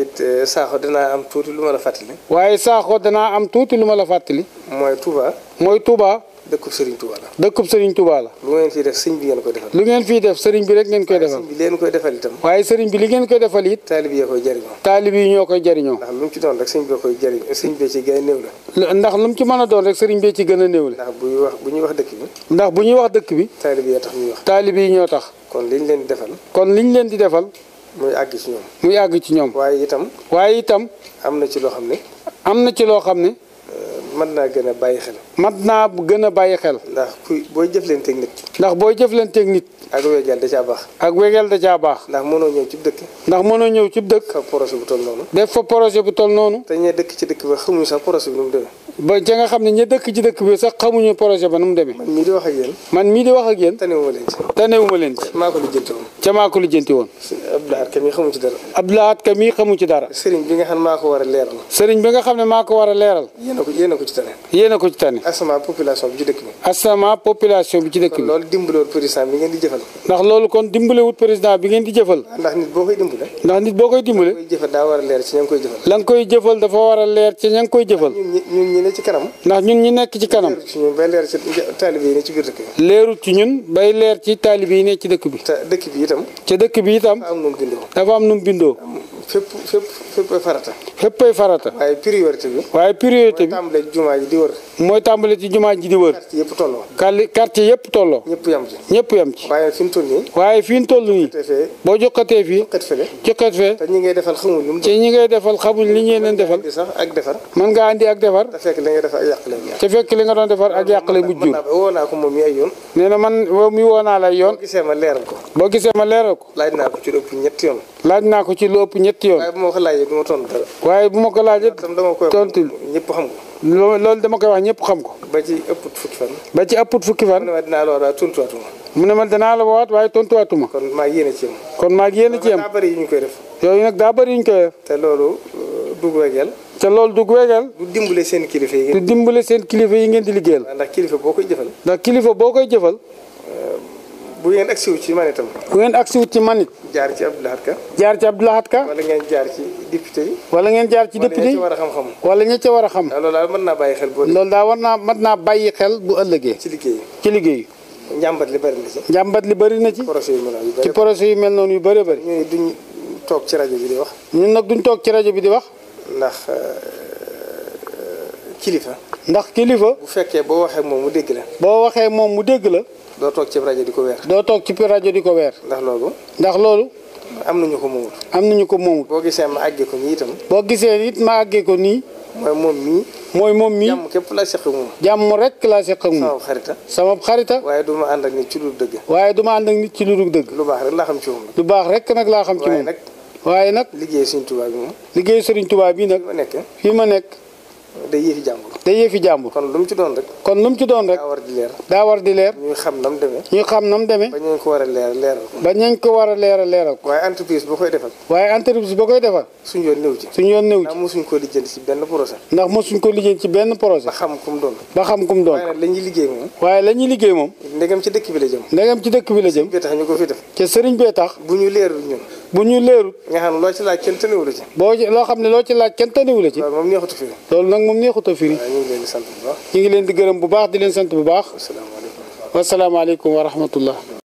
it eh, Sakho danaa am tuuti lu ma la fàttali. waaye Sakho danaa am tuuti lu ma la fàttali. mooy Touba. mooy Touba. dëkkub Serigne Touba la. dëkkub Serigne Touba la. lu ngeen fiy def sëriñ bi ngeen koy defal. lu ngeen fiy def sëriñ bi rek ngeen koy defal. sëriñ bi leen koy defal itam. waaye sëriñ bi li ngeen koy defal it. taalib yi koy jëriñoo. taalib yi ñoo koy jëriñoo. ndax lu mu ci doon rek sëriñ bi koy jëriñoo sëriñ bi la. mu ci mën a doon rek sëriñ bi ci gën a néew la. ndax wax bu ñuy wax dëkk bi. ndax bu ñuy wax dëkk bi. taalib yi tax ñuy wax. taalib yi ñoo tax. kon liñ leen di defal. kon liñ leen di defal muy àgg ci ñoom. muy àgg ci ñoom. waaye itam. waaye itam. am na ci loo xam ne. am na ci loo xam ne. Euh, mën naa gën a bàyyi xel. mat naa gën a bàyyi xel. ndax booy jëflanteeg nit. ndax booy jëflanteeg nit. ak wegeel da caa baax. ak wegeel da caa baax. ndax mënoo ñëw cib dëkk. ndax mënoo ñëw ci dëkk. fa projet bu toll noonu. def projet bu toll noonu. te dëkk ci dëkk ba xamuñu sax projet bi nu mu demee. ba ca nga xam ne ña dëkk ci dëkk bi sax xamuñu projet ba nu mu demee. man mii di wax ak yéen. man mii di wax ak yéen. tanewuma leen ci. tanewuma leen maa ko lijjanti woon. ca maa woon. ka mii xamu ci dara. Abdoulahat ka mii xamu ci dara. sëriñ bi nga xam ne maa ko war a leeral. sëriñ bi nga xam ne maa ko war a leeral. yéen ko yéen ko ci tane. yéen ko ci tane. asama population bi ci dëkk bi. asama population bi ci dëkk bi. loolu dimbalewul président bi ngeen di jëfal. ndax loolu kon dimbalewut président bi ndax nit boo koy dimbale. ndax nit boo koy dimbale. koy jëfal daa war a leer ci ña ngi koy koy jëfal dafa war a leer ci ña ngi koy jëfal. ñun ñun ci kanam. ndax ñun ñu nekk ci kanam. bay leer ci taalibe yi ne ci dëkk bi. leerut ci ñun bay leer ci taalibe dëkk bi. itam. ca dëkk bi itam. dafa am nu bindoo. fépp fépp féppay farata. féppay farata. waaye priorité bi. waaye priorité bi mooy tàmbale ci jumaa ji di wër. mooy tàmbale ci jumaa ji di wër. quartier yëpp tolloo. kàll quartier yëpp tolloo. ñëpp yam ci. ñëpp yam waaye fi mu toll nii. waaye fi mu toll nii. boo jokkatee fii. jokkat fële. jokkat ñi ngay defal xamuñ lu mu. ngay defal xamuñ li ñu leen defal. ak defar. mën ngaa andi ak defar. te fekk li nga defar ak yàq lay mujj. te fekk li nga doon defar ak yàq lay mujj. nee na man woo mi woo naa la yoon. gisee ma leeral ko boo gisee ma leeral ko. laaj naa ko ci lu ëpp ñetti yoon. laaj naa ko ci lu ëpp ñetti yoon. waaye bu ma ko laajee du ma tontu dara. waaye bu ma ko laajee. tontu ñëpp xam loolu dama koy wax ñëpp xam ko. ba ci ëpp fukki fan. ba ci ëpput fukki fan. mu ne ma dinaa la woowaat tontuwaatuma. mu ne ma danaa la woowaat waaye tontuwaatuma. kon maa yéene ci yem. kon maa yéene ci yem. yu ñu koy def. yooyu nag daa bëri yu ñu koy def. te loolu euh, dugg wegeel. te loolu du wegeel. du dimbale seen kilifa yi. dimbale seen kilifa yi ngeen di liggéeyal. ndax kilifa boo koy jëfal. ndax kilifa boo koy jëfal bu ngeen agsi wut ci man itam. bu ngeen agsi ci man jaar ci Abdou Lahad Ka. jaar ci Abdou Lahad Ka. wala ngeen jaar ci député yi. wala ngeen jaar ci député yi wala ña war a xam-xam. wala ña ci war a xam. Ah, loolu daal mën naa bàyyi xel bu ëllëgee. loolu naa mën naa bàyyi xel bu ëllëgee. ci liggéey ci liggéey. njàmbat li bëri na ci. njàmbat li bëri na ci. projet yu mel noonu yu bëri ci projet yu mel noonu yu bëri bëri. ñun duñ toog ci rajo bi di wax. ñun nag duñ toog ci rajo bi di wax. ndax euh, kilifa. ndax kilifa. bu fekkee boo waxee moom mu dégg la. boo waxee moom mu dégg la. doo toog ci rajo di ko weer. doo toog ci rajo di ko weer. ndax loolu. ndax loolu. am nañu ko moomut. am na ñu ko moomut. boo gisee ma àggee ko nii itam. boo gisee it ma ko nii. mooy moom mii. mooy moom mii jàmm képp laa seq ak moom. jàmm rek laa seq ak moom. sama xarita. sama waaye du ànd ak nit ci lu dëgg. waaye du ma ànd ak nit ci lu baax rek laa xam ci moom. lu baax rek nag laa xam ci moom. waaye nag. liggéey sëriñ Tuubaa bi moom. liggéey sëriñ Tuubaa bii nag. fi ma nekk. day yëfi jàmbur. day yëfi jàmbur. kon lu ci doon rek. kon lu mu ci doon rek. daa war di leer. war di leer. ñuy xam nam demee. ñuy xam nam demee. ba ñu ko war a leer leeral. ba ñu ko war a leeral leeral. waaye entreprise boo koy defal. waaye entreprise boo koy defal. suñu yoon néew ci. suñu yoon néew ci ndax mosuñ ko lijjanti ci benn projet. ko lijjanti ci benn projet. ba xam kum doon. ba xam kum doon. waaye la ñuy liggéey moom. waaye la liggéey moom. ndegam ci dëkk bi la jëm. ndegam ci dëkk bi la jëm. ci sëriñ bee tax ñu ko fi def. te sëriñ bee tax. bu ñu leer ñun bu ñu leerut. nga xam loo ci laaj kenn tëniwu la ci. boo loo xam ne loo ci laaj kenn tëniwu la ci. loolu moom neexut a firi. loolu nag moom neexut a firi. waaw ñu ngi leen di gërëm bu baax di leen sant bu baax. wasalaamaaleykum wa rahmatullah